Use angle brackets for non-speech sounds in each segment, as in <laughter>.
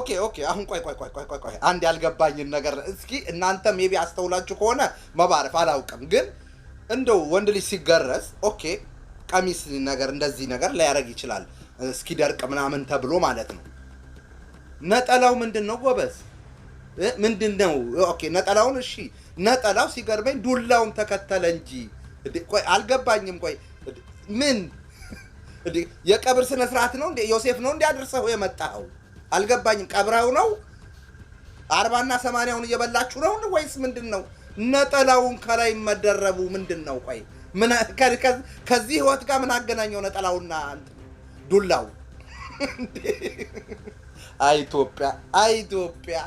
ኦኬ ኦኬ። አሁን ቆይ ቆይ ቆይ ቆይ ቆይ አንድ ያልገባኝን ነገር እስኪ እናንተ ሜቢ አስተውላችሁ ከሆነ መባረፍ አላውቅም፣ ግን እንደው ወንድ ልጅ ሲገረዝ ኦኬ ቀሚስ ነገር እንደዚህ ነገር ሊያደርግ ይችላል እስኪደርቅ ምናምን ተብሎ ማለት ነው። ነጠላው ምንድን ነው ጎበዝ? ምንድን ነው? ኦኬ ነጠላውን እሺ፣ ነጠላው ሲገርመኝ ዱላውን ተከተለ እንጂ ቆይ አልገባኝም። ቆይ ምን የቀብር ስነ ስርዓት ነው? ዮሴፍ ነው እንዲያደርሰው የመጣኸው? አልገባኝም። ቀብረው ነው አርባና ሰማንያውን እየበላችሁ ነው ወይስ ምንድን ነው? ነጠላውን ከላይ መደረቡ ምንድን ነው? ቆይ <laughs> ከዚህ ህይወት ጋር ምን አገናኘው ነጠላውና ዱላው? <laughs> አይ ኢትዮጵያ፣ አይ ኢትዮጵያ፣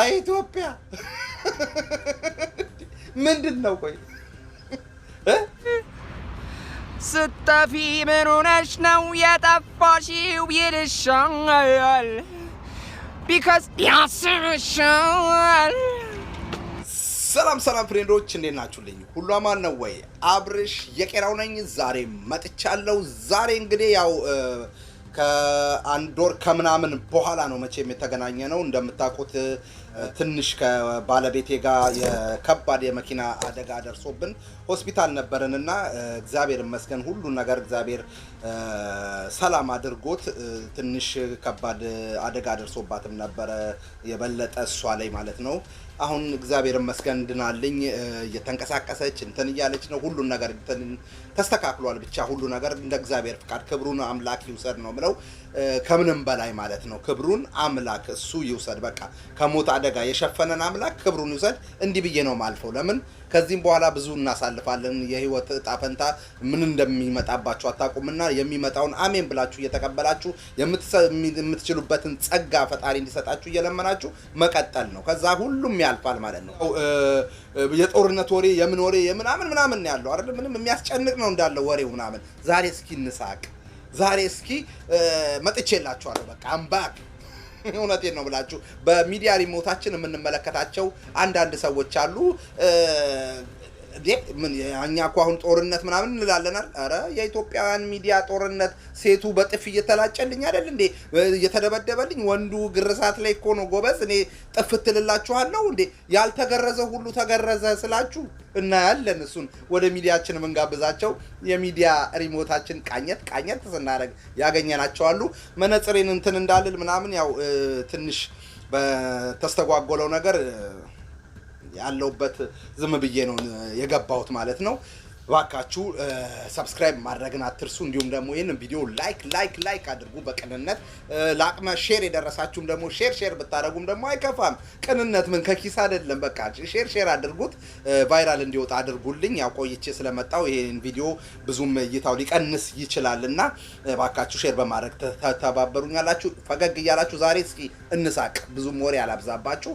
አይ ኢትዮጵያ <laughs> ምንድን ነው? ቆይ ስጠፊ ምን ሆነሽ ነው የጠፋሽው ይልሻል ቢካዝ ያስብሻል። ሰላም ሰላም ፍሬንዶች እንዴት ናችሁልኝ? ሁሉ አማን ነው ወይ? አብርሽ የቄራው ነኝ። ዛሬ መጥቻለሁ። ዛሬ እንግዲህ ያው ከአንድ ወር ከምናምን በኋላ ነው መቼም የተገናኘ ነው እንደምታውቁት ትንሽ ከባለቤቴ ጋር የከባድ የመኪና አደጋ ደርሶብን ሆስፒታል ነበርን እና እግዚአብሔር ይመስገን ሁሉን ነገር እግዚአብሔር ሰላም አድርጎት ትንሽ ከባድ አደጋ ደርሶባትም ነበረ የበለጠ እሷ ላይ ማለት ነው። አሁን እግዚአብሔር ይመስገን ድናልኝ እየተንቀሳቀሰች እንትን እያለች ነው። ሁሉን ነገር ተስተካክሏል። ብቻ ሁሉ ነገር እንደ እግዚአብሔር ፍቃድ ክብሩን አምላክ ይውሰድ ነው ምለው ከምንም በላይ ማለት ነው ክብሩን አምላክ እሱ ይውሰድ። በቃ ከሞት አደጋ የሸፈነን አምላክ ክብሩን ይውሰድ። እንዲህ ብዬ ነው ማልፈው። ለምን ከዚህም በኋላ ብዙ እናሳልፋለን። የህይወት እጣ ፈንታ ምን እንደሚመጣባችሁ አታውቁምና የሚመጣውን አሜን ብላችሁ እየተቀበላችሁ የምትችሉበትን ጸጋ ፈጣሪ እንዲሰጣችሁ እየለመናችሁ መቀጠል ነው። ከዛ ሁሉም ያልፋል ማለት ነው። የጦርነት ወሬ የምን ወሬ የምናምን ምናምን ያለው አይደለም። ምንም የሚያስጨንቅ ነው እንዳለው ወሬው ምናምን። ዛሬ እስኪ እንሳቅ። ዛሬ እስኪ መጥቼላችኋለሁ። በቃ አምባክ <laughs> እውነቴን ነው ብላችሁ በሚዲያ ሪሞታችን የምንመለከታቸው አንዳንድ ሰዎች አሉ። ምን እኛ እኮ አሁን ጦርነት ምናምን እንላለናል። ኧረ የኢትዮጵያውያን ሚዲያ ጦርነት፣ ሴቱ በጥፍ እየተላጨልኝ አይደል እንዴ? እየተደበደበልኝ ወንዱ ግርሳት ላይ እኮ ነው ጎበዝ። እኔ ጥፍ ትልላችኋለሁ እንዴ? ያልተገረዘ ሁሉ ተገረዘ ስላችሁ እናያለን። እሱን ወደ ሚዲያችን የምንጋብዛቸው የሚዲያ ሪሞታችን ቃኘት ቃኘት ስናደርግ ያገኘናቸዋሉ። መነጽሬን እንትን እንዳልል ምናምን ያው ትንሽ በተስተጓጎለው ነገር ያለውበት ዝም ብዬ ነው የገባሁት ማለት ነው። እባካችሁ ሰብስክራይብ ማድረግን አትርሱ። እንዲሁም ደግሞ ይህንን ቪዲዮ ላይክ ላይክ ላይክ አድርጉ በቅንነት ለአቅመ ሼር የደረሳችሁም ደግሞ ሼር ሼር ብታደረጉም ደግሞ አይከፋም። ቅንነት ምን ከኪስ አይደለም። በቃ ሼር ሼር አድርጉት፣ ቫይራል እንዲወጣ አድርጉልኝ። ያው ቆይቼ ስለመጣው ይህን ቪዲዮ ብዙም እይታው ሊቀንስ ይችላል እና እባካችሁ ሼር በማድረግ ተባበሩኛላችሁ። ፈገግ እያላችሁ ዛሬ እስኪ እንሳቅ፣ ብዙም ወሬ አላብዛባችሁ።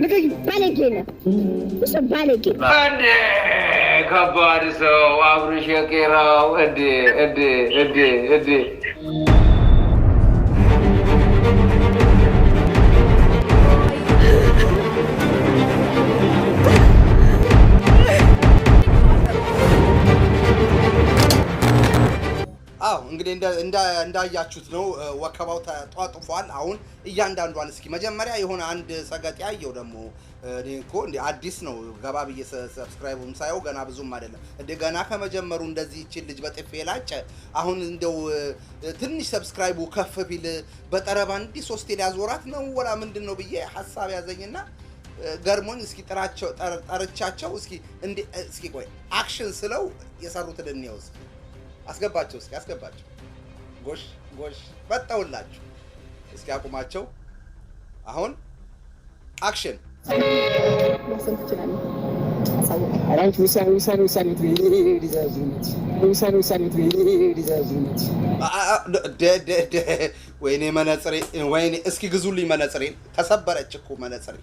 ባለጌ ባለጌ ነው እሱ ባለጌ እንደ ከባድ ሰው አብሮ ሸቄራው እንደ እንደ እንደ እንደ እንዳያችሁት ነው ወከባው ተጧጥፏል። አሁን እያንዳንዷን እስኪ መጀመሪያ የሆነ አንድ ሰገጥ ያየው ደግሞ እኔ እኮ እንደ አዲስ ነው ገባ ብዬ ሰብስክራይቡም ሳየው ገና ብዙም አይደለም እንደ ገና ከመጀመሩ እንደዚህ ይችን ልጅ በጤፍ የላጨ አሁን እንደው ትንሽ ሰብስክራይቡ ከፍ ቢል በጠረባ እንዲህ ሶስቴ ሊያዞራት ነው ወላ ምንድን ነው ብዬ ሀሳብ ያዘኝና ገርሞኝ እስኪ ጥራቸው ጠርቻቸው እስኪ እንዴ እስኪ ቆይ አክሽን ስለው የሰሩትን እንየው። እስኪ አስገባቸው፣ እስኪ አስገባቸው። ጎሽ ጎሽ በጣውላችሁ። እስኪ አቁማቸው። አሁን አክሽን ወይኔ መነጽሬ፣ ወይኔ እስኪ ግዙልኝ ተሰበረች እኮ መነጽሬ።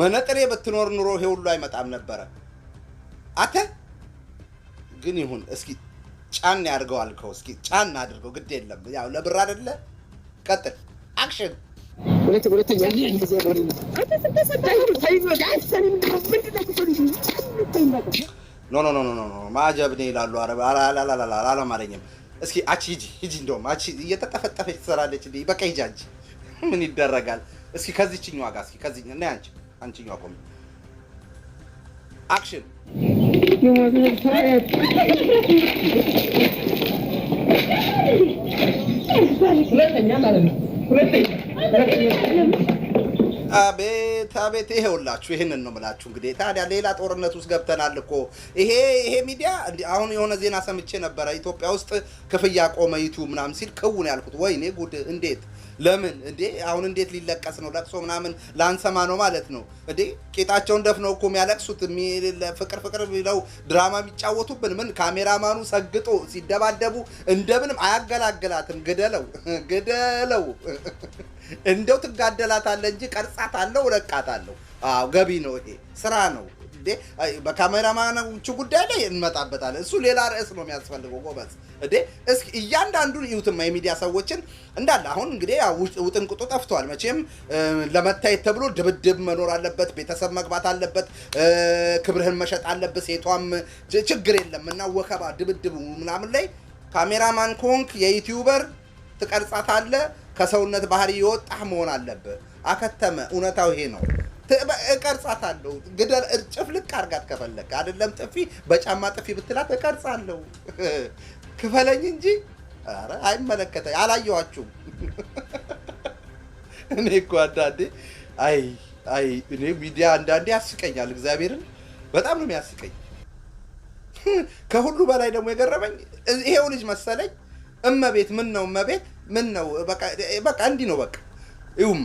መነጽሬ ብትኖር ኑሮ ይሄ ሁሉ አይመጣም ነበረ። አተ ግን ይሁን እስኪ ጫን ያድርገው አልከው። እስኪ ጫን አድርገው፣ ግድ የለም ያው ለብር አይደለ። ቀጥል አክሽን። ኖ ኖ ኖ ኖ ኖ ማጀብ ነው ይላሉ። አላማረኝም። እስኪ አቺ ሂጂ ሂጂ። እንደውም አቺ እየተጠፈጠፈች ትሰራለች። በቃ ሂጂ አንቺ። <laughs> ምን ይደረጋል? እስኪ ከዚችኛዋ ጋር እስኪ ከዚህ እና አንቺ አንቺኛዋ ቆም። አክሽን አቤት አቤት፣ ይሄውላችሁ ይህንን ነው የምላችሁ። እንግዲህ ታዲያ ሌላ ጦርነት ውስጥ ገብተናል እኮ ይሄ ይሄ ሚዲያ አሁን የሆነ ዜና ሰምቼ ነበረ ኢትዮጵያ ውስጥ ክፍያ ቆመ ይቱ ምናምን ሲል ክውን ያልኩት ወይኔ ጉድ እንዴት ለምን እንዴ አሁን እንዴት ሊለቀስ ነው? ለቅሶ ምናምን ላንሰማ ነው ማለት ነው እንዴ? ቄጣቸውን ደፍነው እኮ የሚያለቅሱት ፍቅር ፍቅር ቢለው ድራማ የሚጫወቱብን ምን ካሜራማኑ ሰግጦ ሲደባደቡ እንደምንም አያገላግላትም። ግደለው ግደለው፣ እንደው ትጋደላታለህ እንጂ ቀርጻታለሁ፣ እለቃታለሁ። አዎ ገቢ ነው፣ ይሄ ስራ ነው። እንዴ በካሜራማኖቹ ጉዳይ ላይ እንመጣበታለን። እሱ ሌላ ርዕስ ነው የሚያስፈልገው። ጎበዝ እንዴ እስኪ እያንዳንዱን እዩትማ የሚዲያ ሰዎችን እንዳለ አሁን እንግዲህ ውጥንቅጡ ጠፍቷል። መቼም ለመታየት ተብሎ ድብድብ መኖር አለበት፣ ቤተሰብ መግባት አለበት፣ ክብርህን መሸጥ አለበት። ሴቷም ችግር የለም እና ወከባ ድብድብ ምናምን ላይ ካሜራማን ኮንክ የዩቲዩበር አለ ከሰውነት ባህሪ የወጣህ መሆን አለብህ። አከተመ። እውነታው ይሄ ነው። እቀርጻታለሁ። ግደል ጭፍልቅ አርጋት ከፈለክ አይደለም ጥፊ በጫማ ጥፊ ብትላት እቀርጻለሁ። <laughs> ክፈለኝ እንጂ ኧረ አይመለከተኝ። አላየኋችሁም። <laughs> እኔ እኮ አንዳንዴ አይ አይ እኔ ሚዲያ አንዳንዴ ያስቀኛል። እግዚአብሔርን በጣም ነው የሚያስቀኝ። <laughs> ከሁሉ በላይ ደግሞ የገረመኝ ይሄው ልጅ መሰለኝ። እመቤት ምን ነው እመቤት ምን ነው በቃ እንዲህ ነው በቃ ይውማ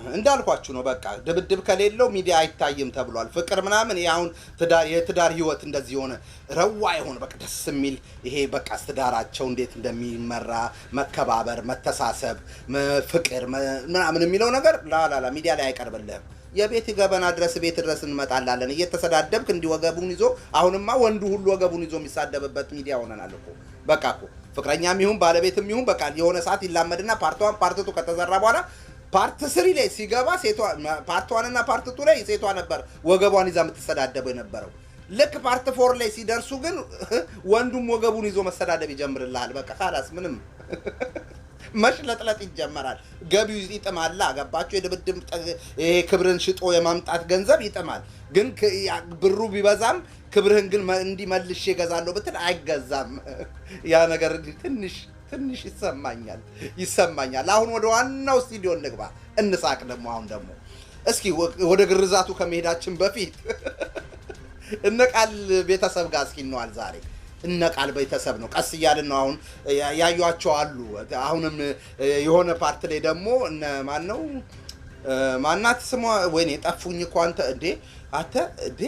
እንዳልኳችሁ ነው። በቃ ድብድብ ከሌለው ሚዲያ አይታይም ተብሏል። ፍቅር ምናምን አሁን የትዳር ህይወት እንደዚህ የሆነ ረዋ የሆነ በቃ ደስ የሚል ይሄ በቃ ትዳራቸው እንዴት እንደሚመራ መከባበር፣ መተሳሰብ፣ ፍቅር ምናምን የሚለው ነገር ላላላ ሚዲያ ላይ አይቀርብልህም። የቤት ገበና ድረስ ቤት ድረስ እንመጣላለን። እየተሰዳደብክ እንዲህ ወገቡን ይዞ አሁንማ ወንዱ ሁሉ ወገቡን ይዞ የሚሳደብበት ሚዲያ ሆነናል እኮ በቃ እኮ ፍቅረኛም ይሁን ባለቤትም ይሁን በቃ የሆነ ሰዓት ይላመድና ፓርቷን ፓርትቱ ከተዘራ በኋላ ፓርት ስሪ ላይ ሲገባ ፓርት ዋን እና ፓርት ቱ ላይ ሴቷ ነበር ወገቧን ይዛ የምትሰዳደበው የነበረው። ልክ ፓርት ፎር ላይ ሲደርሱ ግን ወንዱም ወገቡን ይዞ መሰዳደብ ይጀምርልሃል። በቃ ካላስ ምንም <laughs> መሽለጥለጥ ይጀመራል። ገቢው ይጥማል። አገባቸው የድብድብ ይሄ ክብርን ሽጦ የማምጣት ገንዘብ ይጥማል። ግን ብሩ ቢበዛም ክብርህን ግን እንዲመልሽ መልሼ ብትል አይገዛም። <laughs> ያ ነገር ትንሽ ትንሽ ይሰማኛል ይሰማኛል። አሁን ወደ ዋናው ስቱዲዮ እንግባ፣ እንሳቅ። ደግሞ አሁን ደግሞ እስኪ ወደ ግርዛቱ ከመሄዳችን በፊት <laughs> እነቃል ቤተሰብ ጋር እስኪ እንዋል ዛሬ እነቃል ቤተሰብ ነው። ቀስ እያልን ነው አሁን ያዩቸው አሉ። አሁንም የሆነ ፓርት ላይ ደግሞ እነ ማን ነው ማናት ስሟ? ወይኔ ጠፉኝ እኮ አንተ። እንዴ አንተ እንዴ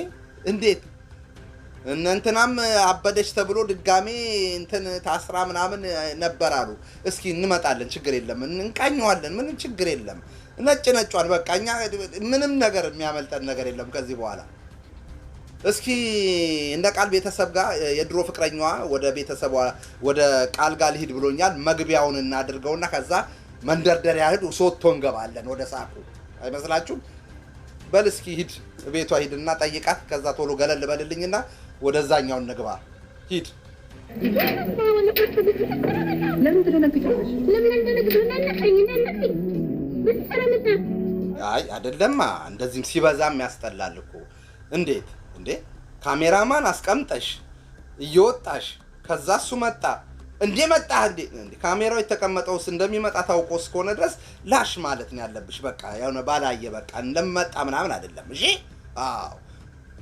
እንዴት እንትናም አበደች ተብሎ ድጋሜ እንትን ታስራ ምናምን ነበር አሉ። እስኪ እንመጣለን፣ ችግር የለም፣ እንቃኘዋለን፣ ምንም ችግር የለም። ነጭ ነጯን በቃ እኛ ምንም ነገር የሚያመልጠን ነገር የለም ከዚህ በኋላ። እስኪ እንደ ቃል ቤተሰብ ጋር የድሮ ፍቅረኛዋ ወደ ቤተሰቧ ወደ ቃል ጋር ልሂድ ብሎኛል። መግቢያውን እናድርገውና ከዛ መንደርደሪያ ሂድ ሶቶ እንገባለን ወደ ሳቁ አይመስላችሁም? በል እስኪ ሂድ፣ ቤቷ ሂድና ጠይቃት። ከዛ ቶሎ ገለል በልልኝና ወደዛኛው እንግባ። ሂድ አይ አይደለማ፣ እንደዚህም ሲበዛም ያስጠላል እኮ። እንዴት እንዴ! ካሜራማን አስቀምጠሽ እየወጣሽ ከዛ እሱ መጣ እንዴ መጣ እንዴ! ካሜራው የተቀመጠውስ እንደሚመጣ ታውቆ እስከሆነ ድረስ ላሽ ማለት ነው ያለብሽ። በቃ ያው ባላየ በቃ እንደመጣ ምናምን አይደለም። እሺ አዎ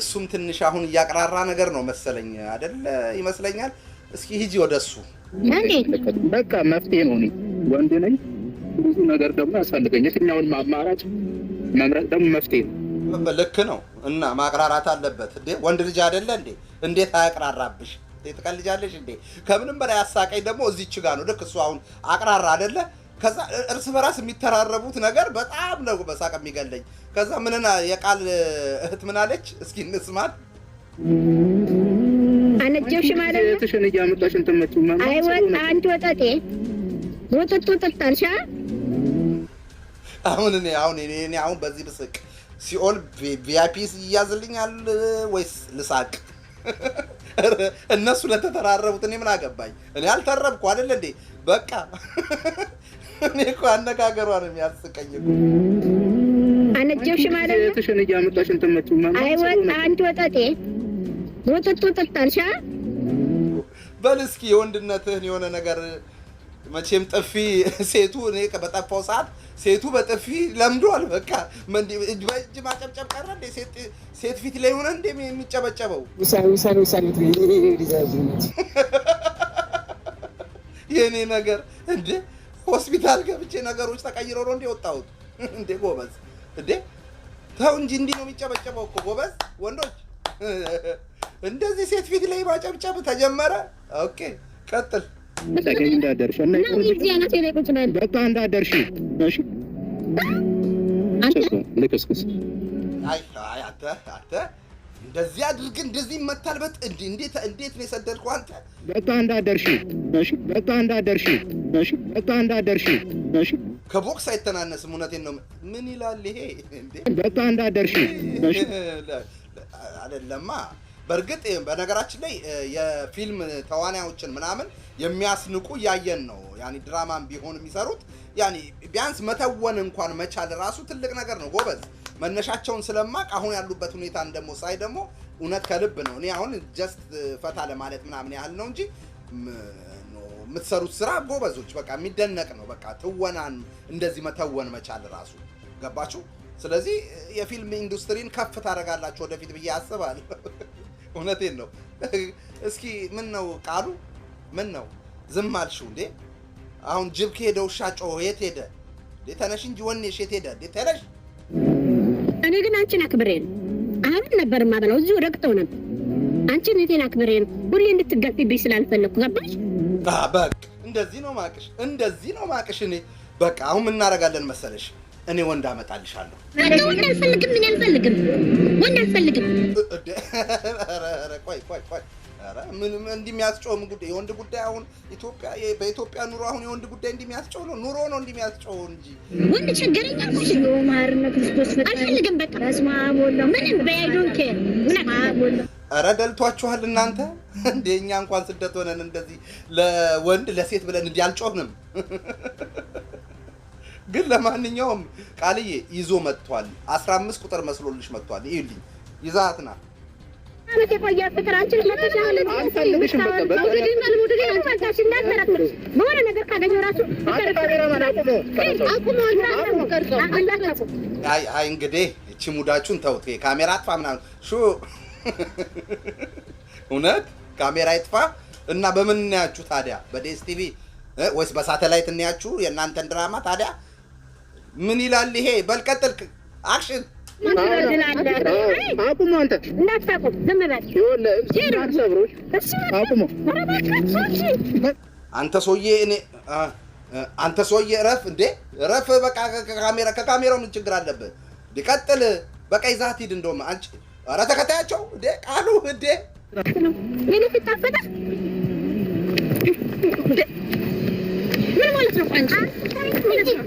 እሱም ትንሽ አሁን እያቀራራ ነገር ነው መሰለኝ አደለ ይመስለኛል። እስኪ ሂጂ ወደ እሱ። በቃ መፍትሄ ነው። ወንድ ነኝ፣ ብዙ ነገር ደግሞ ያስፈልገኝ። የትኛውን አማራጭ መምረጥ ደግሞ መፍትሄ ነው። ልክ ነው። እና ማቅራራት አለበት እንዴ? ወንድ ልጅ አይደለ እንዴ? እንዴት አያቅራራብሽ? ትቀልጃለሽ እንዴ? ከምንም በላይ አሳቀኝ ደግሞ እዚች ጋ ነው። ልክ እሱ አሁን አቅራራ አይደለ ከዛ እርስ በራስ የሚተራረቡት ነገር በጣም ነው በሳቅ የሚገለኝ። ከዛ ምንና የቃል እህት ምናለች? እስኪ እንስማል። አነጀብሽ ማለት ነው እያመጣሽ እንትን መጪው አይወጣ አንድ ወጠጤ ወጥጡ ጥጣልሻ። አሁን እኔ አሁን እኔ አሁን በዚህ ብስቅ ሲኦል ቪአይፒ ይያዝልኛል ወይስ ልሳቅ? እነሱ ለተተራረቡት እኔ ምን አገባኝ? እኔ አልተረብኩ አይደል እንዴ? በቃ እኔ እኮ አነጋገሯ ነው የሚያስቀኝ። አነጀብሽ ማለት ነው። ትሽን እያመጣሽ እንትን መጪው ማለት ነው። አንቺ ወጠጤ ወጥቶ ጠጣልሻ። በል እስኪ የወንድነትህን የሆነ ነገር መቼም ጥፊ ሴቱ እኔ በጠፋው ሰዓት ሴቱ በጥፊ ለምዷል። በቃ በእጅ ማጨብጨብ ቀረ። ሴት ፊት ላይ ሆነ እንደ የሚጨበጨበው የእኔ ነገር እንደ ሆስፒታል ገብቼ ነገሮች ተቀይሮ ነው እንዴ ወጣሁት? <laughs> እንዴ ጎበዝ፣ እንዴ ተው እንጂ እንዲህ ነው የሚጨበጨበው እኮ ጎበዝ። ወንዶች <laughs> እንደዚህ ሴት ፊት ላይ ማጨብጨብ ተጀመረ። ኦኬ ቀጥል። ጠገኝ እንዳደርሽ እና ልክስክስ። አይ አተ አተ እንደዚህ አድርግን እንደዚህ መታልበት እንዴ እንዴት እንዴት ነው የሰደድኩ? አንተ በቃ እንዳደርሽ እሺ፣ በቃ እንዳደርሽ እሺ፣ በቃ እንዳደርሽ እሺ። ከቦክስ አይተናነስም። እውነቴን ነው። ምን ይላል ይሄ እንዴ? በቃ እንዳደርሽ እሺ። አይደለማ። በእርግጥ በነገራችን ላይ የፊልም ተዋናዮችን ምናምን የሚያስንቁ እያየን ነው። ያኒ ድራማም ቢሆን የሚሰሩት ያኒ ቢያንስ መተወን እንኳን መቻል ራሱ ትልቅ ነገር ነው ጎበዝ መነሻቸውን ስለማቅ አሁን ያሉበት ሁኔታን ደግሞ ሳይ ደግሞ እውነት ከልብ ነው። እኔ አሁን ጀስት ፈታ ለማለት ምናምን ያህል ነው እንጂ የምትሰሩት ስራ ጎበዞች፣ በቃ የሚደነቅ ነው። በቃ ትወናን እንደዚህ መተወን መቻል ራሱ ገባችሁ። ስለዚህ የፊልም ኢንዱስትሪን ከፍ ታደርጋላችሁ ወደፊት ብዬ አስባለሁ። <laughs> እውነቴን ነው። <laughs> እስኪ ምን ነው ቃሉ ምን ነው ዝም አልሽው እንዴ? አሁን ጅብ ከሄደ ውሻ ጮኸ። የት ሄደ? ተነሽ እንጂ ወኔሽ የት ሄደ? ተነሽ እኔ ግን አንቺን አክብሬ ነው አሁን ነበር ማበላው እዚሁ ረግጠው ነበር። አንቺን እቴን አክብሬ ነው ሁሌ እንድትጋፊብኝ ስላልፈለግኩ ገባሽ? በቃ እንደዚህ ነው ማቅሽ፣ እንደዚህ ነው ማቅሽ። እኔ በቃ አሁን ምን እናደርጋለን መሰለሽ? እኔ ወንድ አመጣልሻለሁ። ወንድ አልፈልግም፣ እኔ አልፈልግም፣ ወንድ አልፈልግም። ቆይ ቆይ ቆይ ምንም እንዲሚያስጨው ጉዳይ የወንድ ጉዳይ አሁን ኢትዮጵያ በኢትዮጵያ ኑሮ አሁን የወንድ ጉዳይ እንዲሚያስጨው ነው ኑሮ ነው እንዲሚያስጨው እንጂ ወንድ ቸገረኛ አልፈልግም። በቃ ምንም በያይዶን ኧረ ደልቷችኋል እናንተ እንደ እኛ እንኳን ስደት ሆነን እንደዚህ ለወንድ ለሴት ብለን እንዲህ አልጮህንም። ግን ለማንኛውም ቃልዬ ይዞ መጥቷል። አስራ አምስት ቁጥር መስሎልሽ መጥቷል። ይኸውልኝ ይዛትና በሆነ ነገር አይ እንግዲህ እቺ ሙዳችሁን ተውት። ካሜራ አጥፋ ምናምን ሹ <laughs> እውነት ካሜራ ይጥፋ እና በምን እናያችሁ ታዲያ? ወይስ በሳተላይት እናያችሁ የእናንተን ድራማ ታዲያ? ምን ይላል ይሄ? በልቀጥል አክሽን አቁሞ አንተ እንዳታቁም ዝም አንተ ሰውዬ እኔ አንተ ሰውዬ እረፍ እንዴ እረፍ። በቃ ከካሜራ ከካሜራው ምን ችግር አለብህ? ቀጥል። በቃ ይዛት ሂድ። እንደውም አንቺ ኧረ ተከታያቸው እንዴ ቃሉ እንዴ የኔ ፊት ምን ማለት ነው?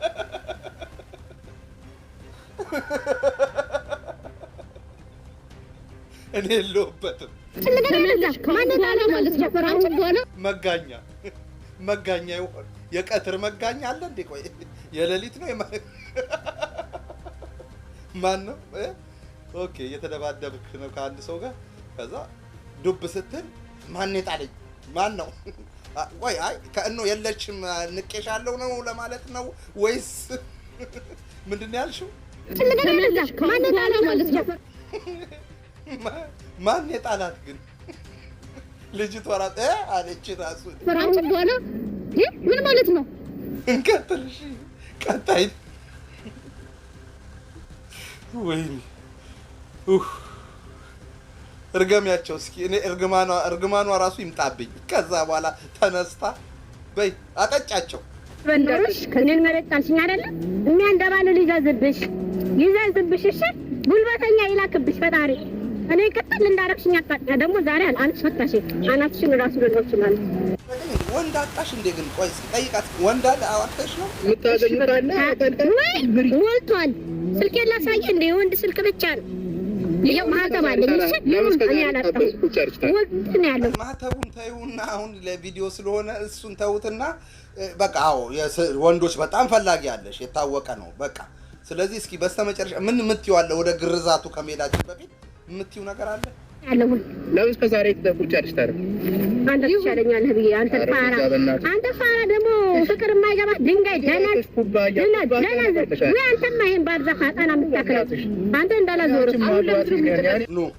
እኔ የለሁበትም። መጋኛ መጋኛ ይሆን? የቀትር መጋኛ አለ እንዴ? ቆይ የሌሊት ነው ማን ነው? ኦኬ እየተደባደብክ ነው ከአንድ ሰው ጋር። ከዛ ዱብ ስትል ማን የጣለኝ ማን ነው? ወይ አይ ከእኖ የለችም ንቄሻለሁ ነው ለማለት ነው ወይስ ምንድን ነው ያልሽው? ማን የጣላት ግን ልጅቷ ራት አለች ፍራንች ምን ማለት ነው? እንቀጥል። እሺ ቀጣይ ወይኔ እርገሚያቸው እስኪ እኔ እርግማኗ እርግማኗ ይምጣብኝ። ከዛ በኋላ ተነስታ በይ አጠጫቸው በንደሮሽ እኔን መረጥ አልሽኝ አይደለም? የሚያንደባልል ይዘዝብሽ ይዘዝብሽ። እሺ ጉልበተኛ ይላክብሽ ፈጣሪ። እኔ ቅጥል እንዳረግሽኝ አጣጣ ደግሞ ዛሬ አልፈታሽ አናትሽን ራሱ ልንወጭ ማለት ነው ሞልቷል። ስልኬ ላሳየ እንዴ? የወንድ ስልክ ብቻ ነው ይሄው ማህተብ አለኝ። ማህተቡን ተይውና አሁን ለቪዲዮ ስለሆነ እሱን ተውትና በቃ አዎ፣ ወንዶች በጣም ፈላጊ አለሽ፣ የታወቀ ነው። በቃ ስለዚህ እስኪ በስተመጨረሻ ምን የምትይው አለ? ወደ ግርዛቱ ከመሄዳችን በፊት የምትይው ነገር አለ? ለምን እስከ ዛሬ አንተ ትሻለኛለህ ብዬ አንተ ፋራ፣ አንተ ፋራ ደግሞ ፍቅር የማይገባ ድንጋይ ወይ አንተማ ይሄን የምታክለው አንተ እንዳላዞር አሁን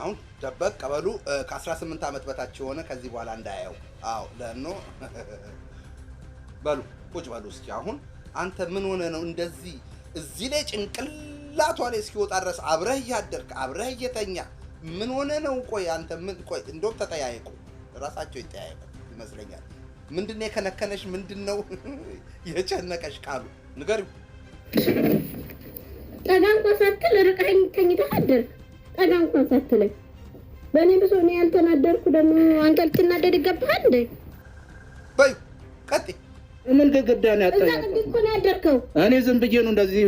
አሁን ደበቅ ቀበሉ ከ18 ዓመት በታች የሆነ ከዚህ በኋላ እንዳያየው። አዎ ለኖ <laughs> በሉ ቁጭ በሉ እስኪ። አሁን አንተ ምን ሆነ ነው እንደዚህ እዚህ ላይ ጭንቅላቷ ላይ እስኪወጣ ድረስ አብረህ እያደርክ አብረህ እየተኛ ምን ሆነ ነው? ቆይ አንተ ምን ቆይ፣ እንደውም ተጠያየቁ፣ ራሳቸው ይጠያየቁ ይመስለኛል። ምንድን ነው የከነከነሽ? ምንድን ነው <laughs> የጨነቀሽ? ቃሉ ንገር። ጠጋ እንኳን ሳትል ርቀኸኝ ተኝተህ አደርክ። ጠጋ እንኳን ሳትለኝ በእኔ ብሶ እኔ ያልተናደርኩ ደግሞ አንተ ልትናደድ ይገባሃል እንዴ? በይ ቀጤ ምን ገገዳ ነው ያጣያደርከው? እኔ ዝም ብዬ ነው እንደዚህ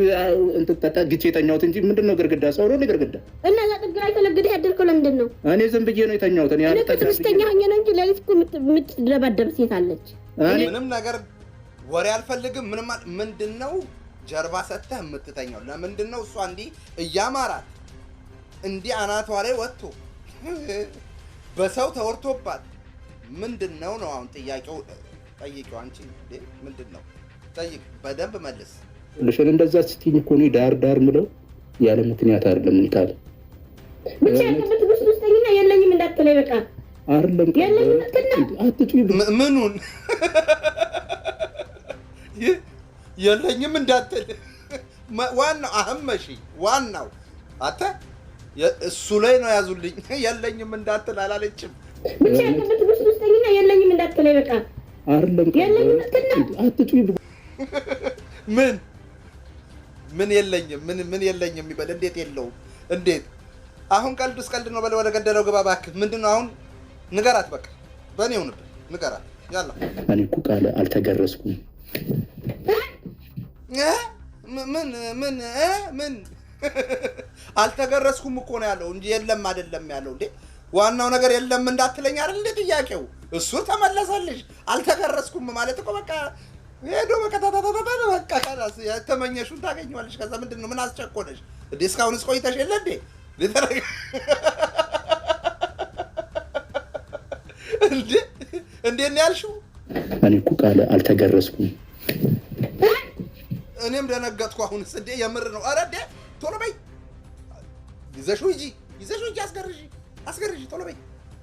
ግቼ የተኛሁት እንጂ ምንድን ነው ግርግዳ ሰው ነው ግርግዳ እና እዛ ጥግ ላይ ተለግደህ ያደርከው ለምንድን ነው? እኔ ዝም ብዬ ነው የተኛሁት። ትዕግስተኛ ሆኜ ነው እንጂ ሌሊት የምትደባደብ ሴት አለች። ምንም ነገር ወሬ አልፈልግም። ምንም ምንድን ነው ጀርባ ሰጥተህ የምትተኛው ለምንድን ነው? እሷ እንዲህ እያማራት እንዲህ አናቷ ላይ ወጥቶ <laughs> በሰው ተወርቶባት ምንድን ነው ነው አሁን ጥያቄው ጠይቂው። አንቺ ምንድን ነው ጠይቅ፣ በደንብ መልስ። ልሽን እንደዛ ስትይኝ እኮ እኔ ዳር ዳር ምለው ያለ ምክንያት አይደለም። ኒታል ብቻ የለኝም እንዳትለኝ በቃ ምኑን የለኝም እንዳትል ዋናው አህመሺ ዋናው አተ እሱ ላይ ነው ያዙልኝ። የለኝም እንዳትል አላለችም። ብቻ ውስጥ ውስጠኝና የለኝም እንዳትል በቃ አይደለም አትጩ። <laughs> ምን ምን የለኝም፣ ምን ምን የለኝም የሚበል እንዴት የለውም? እንዴት አሁን ቀልድ ቀልድ ነው። በለው ወደ ገደለው ግባ እባክህ። ምንድን ነው አሁን ንገራት፣ በቃ በእኔ ይሁንብህ፣ ንገራት። ያላ እኔ እኮ ቃል አልተገረዝኩም። ምን ምን ምን <laughs> አልተገረዝኩም እኮ ነው ያለው እንጂ የለም አይደለም ያለው። እንዴ ዋናው ነገር የለም እንዳትለኝ አይደል እንዴ ጥያቄው እሱ ተመለሰልሽ። አልተገረዝኩም ማለት እኮ በቃ ሄዶ በከታታታታ በቃ ከራስ ታገኘዋለሽ። ከዛ ምንድን ነው ምን አስቸኮለሽ እንዴ? እስካሁንስ ቆይተሽ የለ እንዴ? እንዴ እንዴት ነው ያልሽው? እኔ እኮ ቃል አልተገረዝኩም። እኔም ደነገጥኩ። አሁንስ እንዴ የምር ነው? ኧረ እንዴ ቶሎ በይ ይዘሽው ሂጂ፣ ይዘሽው ሂጂ። አስገርዢ፣ አስገርዢ፣ ቶሎ በይ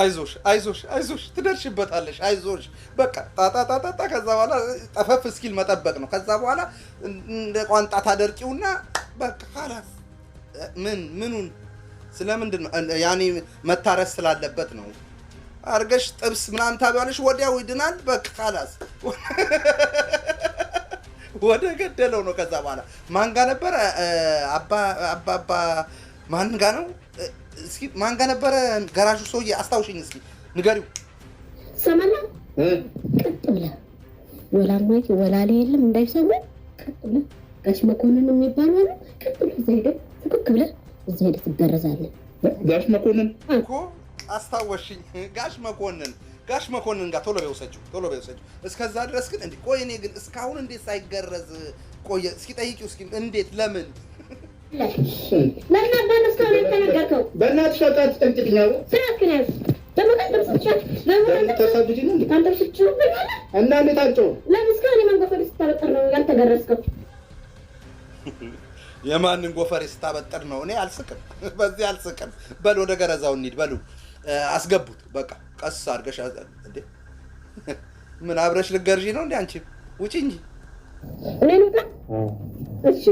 አይዞሽ አይዞሽ አይዞሽ ትደርሽበታለሽ። አይዞሽ በቃ ጣጣጣጣ። ከዛ በኋላ ጠፈፍ እስኪል መጠበቅ ነው። ከዛ በኋላ እንደ ቋንጣ ታደርቂውና በቃ ካላስ ምን ምኑን ስለምንድን ነው ያኔ መታረስ ስላለበት ነው። አርገሽ ጥብስ ምናምን ታቢያለሽ፣ ወዲያው ይድናል። በቃ ካላስ <laughs> ወደ ገደለው ነው። ከዛ በኋላ ማን ጋ ነበረ? አባ አባ ማን ጋ ነው እስኪ ማን ጋር ነበረ ገራሹ ሰውዬ አስታውሽኝ፣ እስኪ ንገሪው። ሰማና ቀጥ ብለህ ወላ ወላሌ የለም እንዳይሰሙ ቀጥ ብለህ ጋሽ መኮንን የሚባል ሆነ። ቀጥ ብለህ እዛ ሄደህ ፍክክ ብለህ እዛ ሄደህ ትገረዛለህ። ጋሽ መኮንን እኮ አስታወሽኝ። ጋሽ መኮንን ጋሽ መኮንን ጋር ቶሎ በውሰጂው፣ ቶሎ በውሰጂው። እስከዛ ድረስ ግን እንዲ ቆይ፣ እኔ ግን እስካሁን እንዴት ሳይገረዝ ቆየ? እስኪ ጠይቂው፣ እስኪ እንዴት ለምን የማንን ጎፈሬ ስታበጥር ነው? እኔ አልስቅም፣ <laughs> በዚህ አልስቅም። በል ወደ ገረዛው እንሂድ። በሉ አስገቡት። በቃ ቀስ አድርገሽ እንዴ! <laughs> ምን አብረሽ ልትገርዢ ነው እንዴ? አንቺ ውጪ እንጂ እኔ ልውጣ። እሺ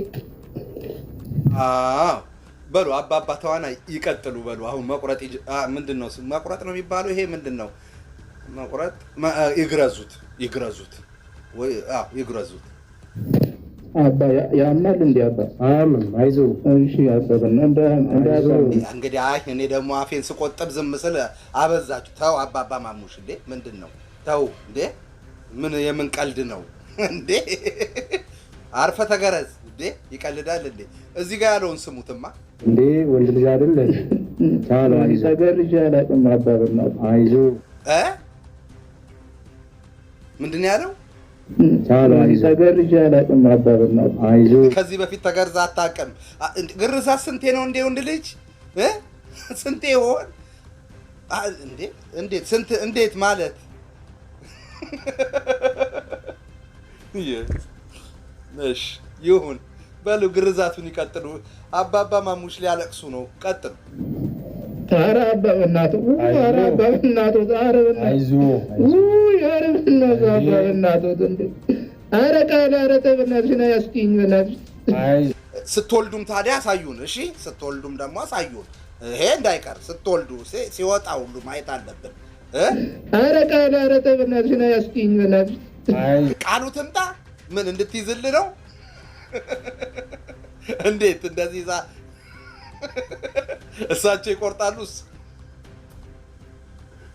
በሉ አባባ ተዋናይ ይቀጥሉ። በሉ አሁን መቁረጥ ምንድን ነው? መቁረጥ ነው የሚባለው ይሄ ምንድን ነው? መቁረጥ ይግረዙት፣ ይግረዙት፣ ይግረዙት። አባ እንዲ አባ አይዞ እሺ። እንግዲህ አይ እኔ ደግሞ አፌን ስቆጥብ ዝም ስል አበዛችሁ። ተው አባባ ማሙሽ እንዴ! ምንድን ነው? ተው እንዴ! ምን የምን ቀልድ ነው እንዴ? አርፈ ተገረዝ ይቀልዳል እንዴ? እዚህ ጋር ያለውን ስሙትማ። እንዴ ወንድ ልጅ አይደለ ነገር ልጅ አላቅም አባብና አይዞ ምንድን ያለው አላውቅም ከዚህ በፊት ተገርዛ አታውቅም። ግርዛት ስንቴ ነው እንዴ? ወንድ ልጅ ስንቴ ይሆን እንዴት? ስንት እንዴት ማለት <laughs> ይሁን በሉ ግርዛቱን ይቀጥሉ። አባባ ማሙሽ ሊያለቅሱ ነው። ቀጥሉ። ኧረ አባ ኧረ አባ ኧረ ኧረ ቃል ኧረ ተይ በእናትሽ ነይ በእናትሽ። ስትወልዱም ታዲያ አሳዩን። እሺ፣ ስትወልዱም ደግሞ አሳዩን። ይሄ እንዳይቀር ስትወልዱ ሲወጣ ሁሉ ማየት አለብን። ኧረ ቃል ኧረ ተይ በእናትሽ ነይ በእናትሽ። ቃሉ ትምጣ ምን እንድትይዝል ነው እንዴት እንደዚህ ዛ እሳቸው ይቆርጣሉስ?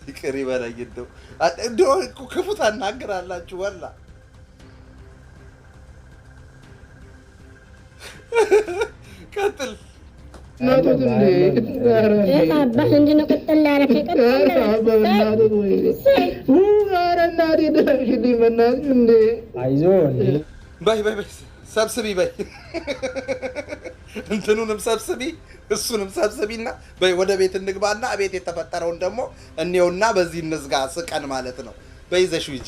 ይቅር ይበለኝ። እንደው እንደው ክፉ ታናግራላችሁ ወላ ቀጥል አባት ምንድን ነው ቀጠል በይ በይ በይ ሰብስቢ በይ <laughs> እንትኑንም ሰብስቢ እሱንም ሰብስቢና በይ ወደ ቤት እንግባና ቤት የተፈጠረውን ደግሞ እኔውና በዚህ እንዝጋ ስቀን ማለት ነው። በይዘሽ ሂጂ።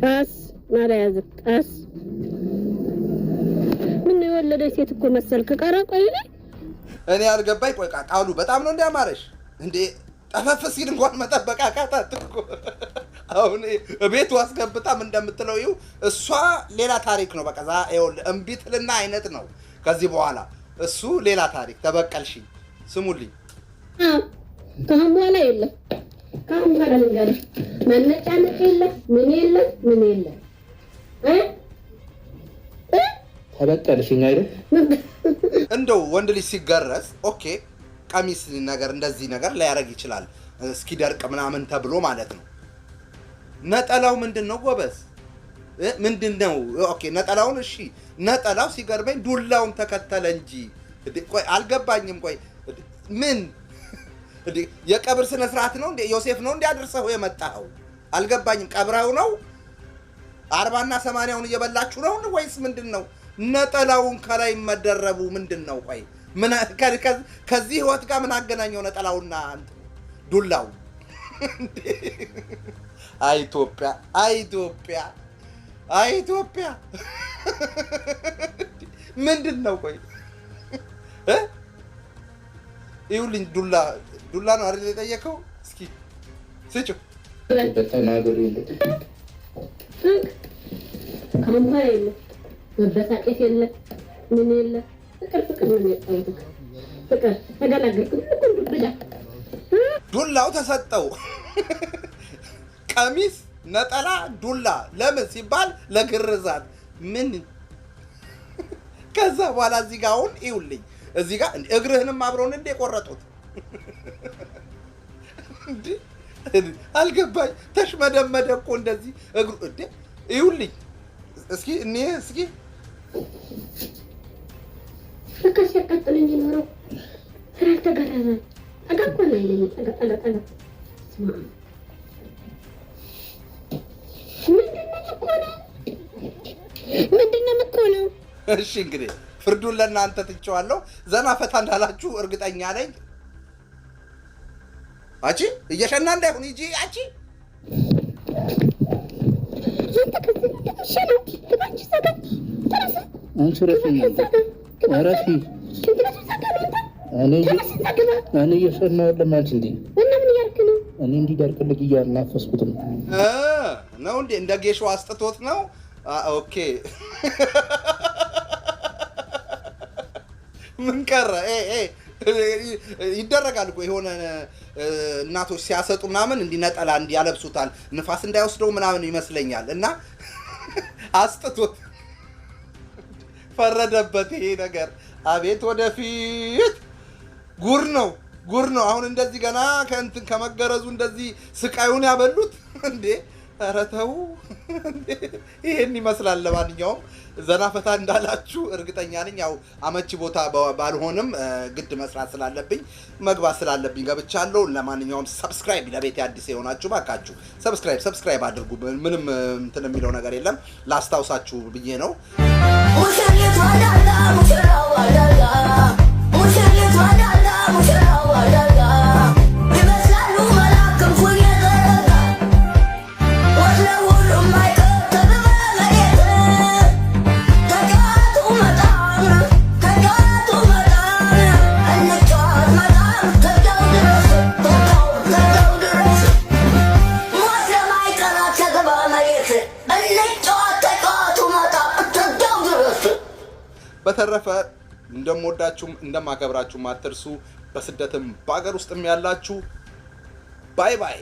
ቀስ ማለያዝ ቀስ ምን የወለደ ሴት እኮ መሰልክ ቀረ። ቆይ እኔ አልገባኝ። ቆይ ቃሉ በጣም ነው እንዲያማረሽ እንዴ ጠፈፍ ሲል እንኳን መጠበቅ አቃታት እኮ። አሁን ቤቱ አስገብታም እንደምትለው ይኸው እሷ ሌላ ታሪክ ነው። በቃ እምቢ ትልና አይነት ነው ከዚህ በኋላ እሱ ሌላ ታሪክ። ተበቀልሽኝ። ስሙልኝ፣ ከአሁን በኋላ የለም። ከአሁን በኋላ ልንገርሽ፣ መነጫነጭ የለም፣ ምን የለም፣ ምን የለም። ተበቀልሽኝ አይደል? እንደው ወንድ ልጅ ሲገረዝ ኦኬ ቀሚስ ነገር እንደዚህ ነገር ሊያደርግ ይችላል፣ እስኪደርቅ ምናምን ተብሎ ማለት ነው። ነጠላው ምንድን ነው ጎበዝ? ምንድን ነው? ኦኬ ነጠላውን እሺ፣ ነጠላው ሲገርመኝ ዱላውን ተከተለ እንጂ ቆይ አልገባኝም። ቆይ ምን <laughs> የቀብር ስነ ስርዓት ነው? ዮሴፍ ነው እንዲያደርሰው የመጣኸው? አልገባኝም። ቀብረው ነው? አርባና ሰማንያውን እየበላችሁ ነው ወይስ ምንድን ነው? ነጠላውን ከላይ መደረቡ ምንድን ነው? ቆይ ከዚህ ህይወት ጋር ምን አገናኘው ነጠላውና ዱላው? <laughs> አይ ኢትዮጵያ፣ አይ ኢትዮጵያ፣ አይ ኢትዮጵያ <laughs> ምንድን ነው? ቆይ ይሁልኝ፣ ዱላ ዱላ ነው አይደል የጠየቀው? እስኪ ስጩ ተናገሩ። የለ መበሳጨት የለ ምን የለ ፍቅር ፍቅር ነው የሚያጣው ፍቅር ተገላገልኩ። ዱላው ተሰጠው። ቀሚስ፣ ነጠላ፣ ዱላ ለምን ሲባል ለግርዛት ምን ከዛ በኋላ እዚህ ጋር አሁን ይውልኝ እዚህ ጋር እግርህንም አብረውን እንደ ቆረጡት አልገባኝ። ተሽመደመደ እኮ እንደዚህ እግሩ እንደ ይውልኝ። እስኪ እኔ እስኪ ሲያቃጥለኝ የኖረው ስራ አልተገረዘ ጠጋ እኮ ነው አይለኝም። ጠጋ ጠጋ ጠጋ ምንድነው እኮ ነው። እሺ እንግዲህ ፍርዱን ለእናንተ ትቼዋለሁ። ዘና ፈታ እንዳላችሁ እርግጠኛ ነኝ። አቺ እየሸና እንዳይሆን እንጂ አቺ ረፊ ረፊ እኔ እየሰማሁ እኔ እያናፈስኩት ነው ነው እንዴ? እንደ ጌሾ አስጥቶት ነው። ኦኬ ምን ቀረ? ይደረጋል እኮ የሆነ እናቶች ሲያሰጡ ምናምን እንዲህ ንፋስ እንዳይወስደው ምናምን ይመስለኛል። እና አስጥቶት ፈረደበት ይሄ ነገር አቤት ወደፊት ጉር ነው ጉር ነው። አሁን እንደዚህ ገና ከእንትን ከመገረዙ እንደዚህ ስቃዩን ያበሉት እንዴ! ኧረ ተው ይህን ይመስላል። ለማንኛውም ዘና ፈታ እንዳላችሁ እርግጠኛ ነኝ። ያው አመቺ ቦታ ባልሆንም ግድ መስራት ስላለብኝ መግባት ስላለብኝ ገብቻለሁ። ለማንኛውም ሰብስክራይብ፣ ለቤት አዲስ የሆናችሁ ባካችሁ ሰብስክራይብ ሰብስክራይብ አድርጉ። ምንም እንትን የሚለው ነገር የለም። ላስታውሳችሁ ብዬ ነው። ሙሽሪት ዋዳላ ሙሽራ ዋዳላ እንደምወዳችሁም እንደማከብራችሁም አትርሱ። በስደትም በአገር ውስጥም ያላችሁ ባይ ባይ።